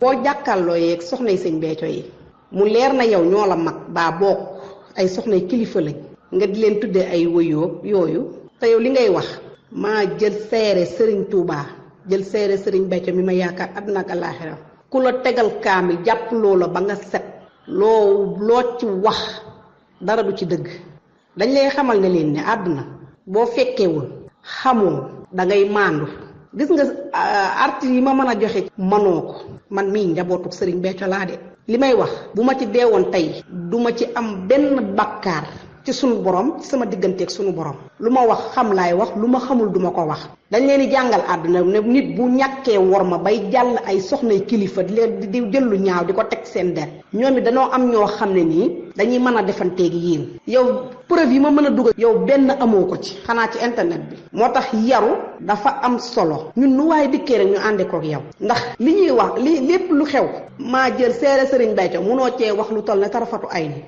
boo jàkkaarloo yeeg soxnay sëñ Béthio yi mu leer na yow ñoo la mag baa bokk ay soxnay kilifa lañ nga di leen tuddee ay wëyoo yooyu te yow li ngay wax maa jël seere sëriñ Touba jël seere sëriñ Béthio bi ma yaakaar àddina ak àllaaxira ku la tegal kaami jàpp loola ba nga set loo loo ci wax dara du ci dëgg dañ lay xamal ne leen ni àdduna boo fekkewul xamoo da ngay màndu gis nga euh, artis yi ma mën a joxe. manoo ko man mii njabootu Serigne Béthio laa de li may wax bu ma ci deewoon tey duma ci am benn bakkaar. ci sunu borom ci sama digganteeg sunu borom lu ma wax xam laay wax lu ma xamul duma ko wax dañ leen di jàngal àdduna ne nit bu ñàkkee wor ma bay jàll ay soxnay kilifa di leen di jël lu ñaaw di ko teg seen der ñoom it dañoo am ñoo xam ne nii dañuy mën a defanteegi yiin yow preuve yi ma mën a dugal yow benn amoo ko ci xanaa ci internet bi moo tax yaru dafa am solo ñun nu waaye dikkee rek ñu àndi kook yow ndax li ñuy wax li lépp lu xew maa jël seere sëriñ Béthio munoo cee wax lu toll ne tarafatu ay ni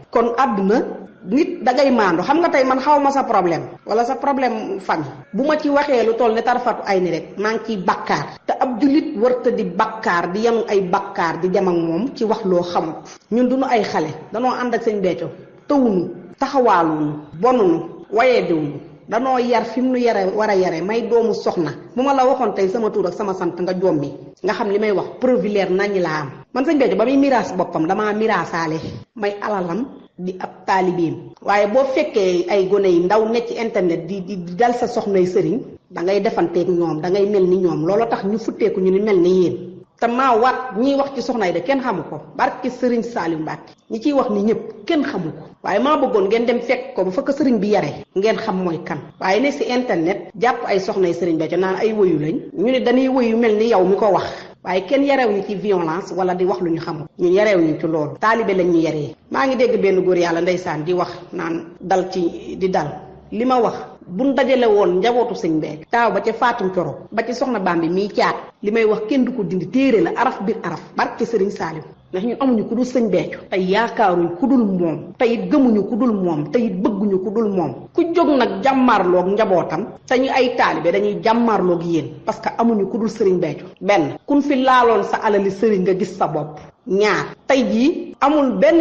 nit da ngay maandu xam nga tey man xaw ma sa problème wala sa problème famille bu ma ci waxee lu toll ne tarfatu ay ni rek maa ngi ciy bakkaar te ab jullit warta di bakkaar di yanu ay bakkaar di dem ak moom ci wax loo xamut ñun duñu ay xale danoo ànd ak sëñ Béthio tëwunu taxawaaluunu bonunu wayee diwunu danoo yar fi mu nu yare war a yare may doomu soxna bu ma la waxoon tey sama tuur ak sama sant nga jommi nga xam li may wax provilaire nañ laa am man sëñ Béthio ba muy miraas boppam damaa miraasaale may alalam di ab taalibeem waaye boo fekkee ay gone yi ndaw nekk ci internet di di dal sa soxnay sëriñ da ngay defanteeg ñoom da ngay mel ni ñoom looloo tax ñu futteeku ñu ni mel ni yéen te maa waat ñiy wax ci soxna yi de kenn xamu ko barki sëriñ Saliou Mbacke ñi ciy wax ni ñëpp kenn xamu ko waaye maa bëggoon ngeen dem fekk ko ba fa ko sëriñ bi yare ngeen xam mooy kan waaye ne si internet jàpp ay soxnay sëriñ Béthio naan ay woyu lañ ñu ne dañuy woyu mel ni yow mi ko wax waaye kenn yarewuñu ci violence wala di wax lu ñu xamul ñun yarewuñu ci loolu taalibe lañ ñu yaree maa ngi dégg benn góor yàlla ndeysaan di wax naan dal ci di dal li ma wax bu dajale woon njabootu sëñ bee taaw ba ca faatum coro ba ci soxna baam bi miy caat li may wax kenn du ko dindi téere la araf biir araf barke sëriñ Saalim ndax ñu amuñu ku dul sëñ beccu tey yaakaaruñ ku dul moom tey it gëmuñu ku dul moom tey it bëgguñu ku dul moom ku jóg nag jàmmaarloog njabootam te ñu ay taalibe dañuy jàmmaarloog yéen parce que amuñu ku dul sëriñ beccu benn kun fi laaloon sa alali sëriñ nga gis sa bopp ñaar tey jii amul benn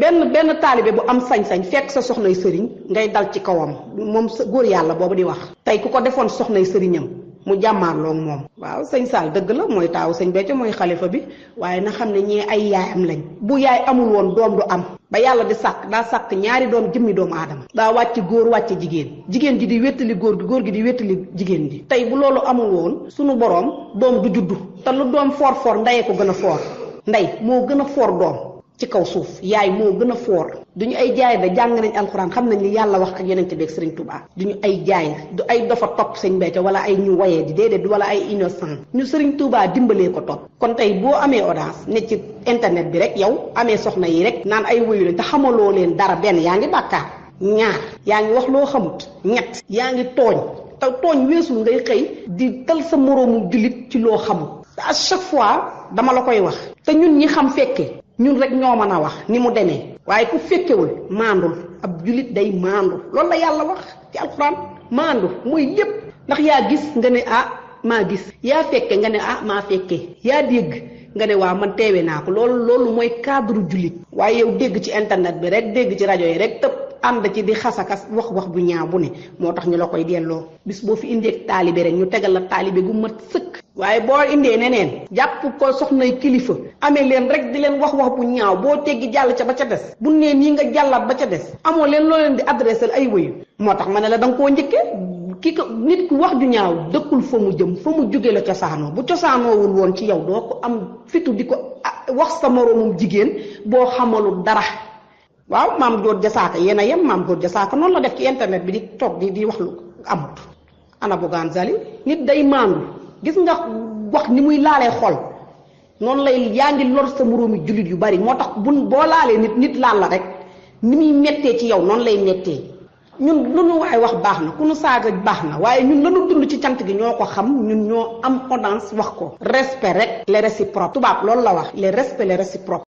benn benn taalibe bu am sañ-sañ fekk sa soxnay sëriñ ngay dal ci kawam moom góor yàlla boobu di wax tey ku ko defoon soxnay sëriñam mu jàmmaarloo moom waaw sëñ Saal dëgg la mooy taawu sëñ Béthio mooy xalifa bi waaye na xam ne ñee ay yaayam lañ bu yaay amul woon doom du am ba yàlla di sàkk daa sàkk ñaari doom jëmmi doomu aadama daa wàcc góor wàcc jigéen jigéen ji di wéttali góor gi góor gi di wettali jigéen ji tey bu loolu amul woon sunu boroom doom du juddu te doom foor foor ndeyee ko gën a foor ndey moo gën a foor doom ci kaw suuf yaay moo gën a foor du ñu ay jaay da jàng nañ alxuraan xam nañ li yàlla wax ak yonente beeg sëriñ Tuubaa duñu ay jaay du ay dofa topp sëñ Béthio wala ay ñu wayee di déedéet du wala ay innocent ñu sëriñ Tuubaa dimbalee ko topp kon tey boo amee audience ne ci internet bi rek yow amee soxna yi rek naan ay wuyu lañ te xamaloo leen dara benn yaa ngi bàkkaar ñaar yaa ngi wax loo xamut ñett yaa ngi tooñ te tooñ weesu ngay xëy di tal sa moroomu jullit ci loo xamut chaque fois dama la koy wax te ñun ñi xam fekkee ñun rek ñoo mën a wax ni mu demee waaye ku fekkewul maandul ab julit day maandu loolu la yàlla wax ci alxuraan maandu mooy lépp ndax yaa gis nga ne ah maa gis yaa fekke nga ne ah maa fekke yaa dégg nga ne waa man teewe naa ko loolu loolu mooy cadre julit waaye yow dégg ci internet bi rek dégg ci rajo yi rek tëb ànd ci di xasakas wax wax bu ñaaw bu ne moo tax ñu la koy delloo bis boo fi indee taalibe rek ñu tegal la taalibe gu mat sëk waaye boo indee neneen jàpp ko soxnay kilifa amee leen rek di leen wax wax bu ñaaw boo teggi jàll ca ba ca des bu nee nii nga jàllaat ba ca des amoon leen loo leen di adressé ay wëyu moo tax ma ne la da nga koo njëkkee ki ko nit ku wax ju ñaaw dëkkul fa mu jëm fa mu jóge la cosaanoo bu cosaanoowul woon ci yow doo ko am fitu di ko ah, wax sa moroomum jigéen boo xamalul dara waaw maam góor jasaaka yéen a yem maam góor jasaaka noonu la def ci internet bi di toog di di wax lu amut ana bugaan zali day maandu gis nga wax ni muy laalee xol noonu lay yaa ngi lor sa moroomi jullit yu bari moo tax bu boo laalee nit nit laal la rek ni muy mettee ci yow noonu lay mettee ñun lu nu waay wax baax na ku nu saaga baax na waaye ñun lanu dund ci cant gi ñoo ko xam ñun ñoo am audience wax ko respect rek les réciproques tubaab loolu la wax les respect les réciproques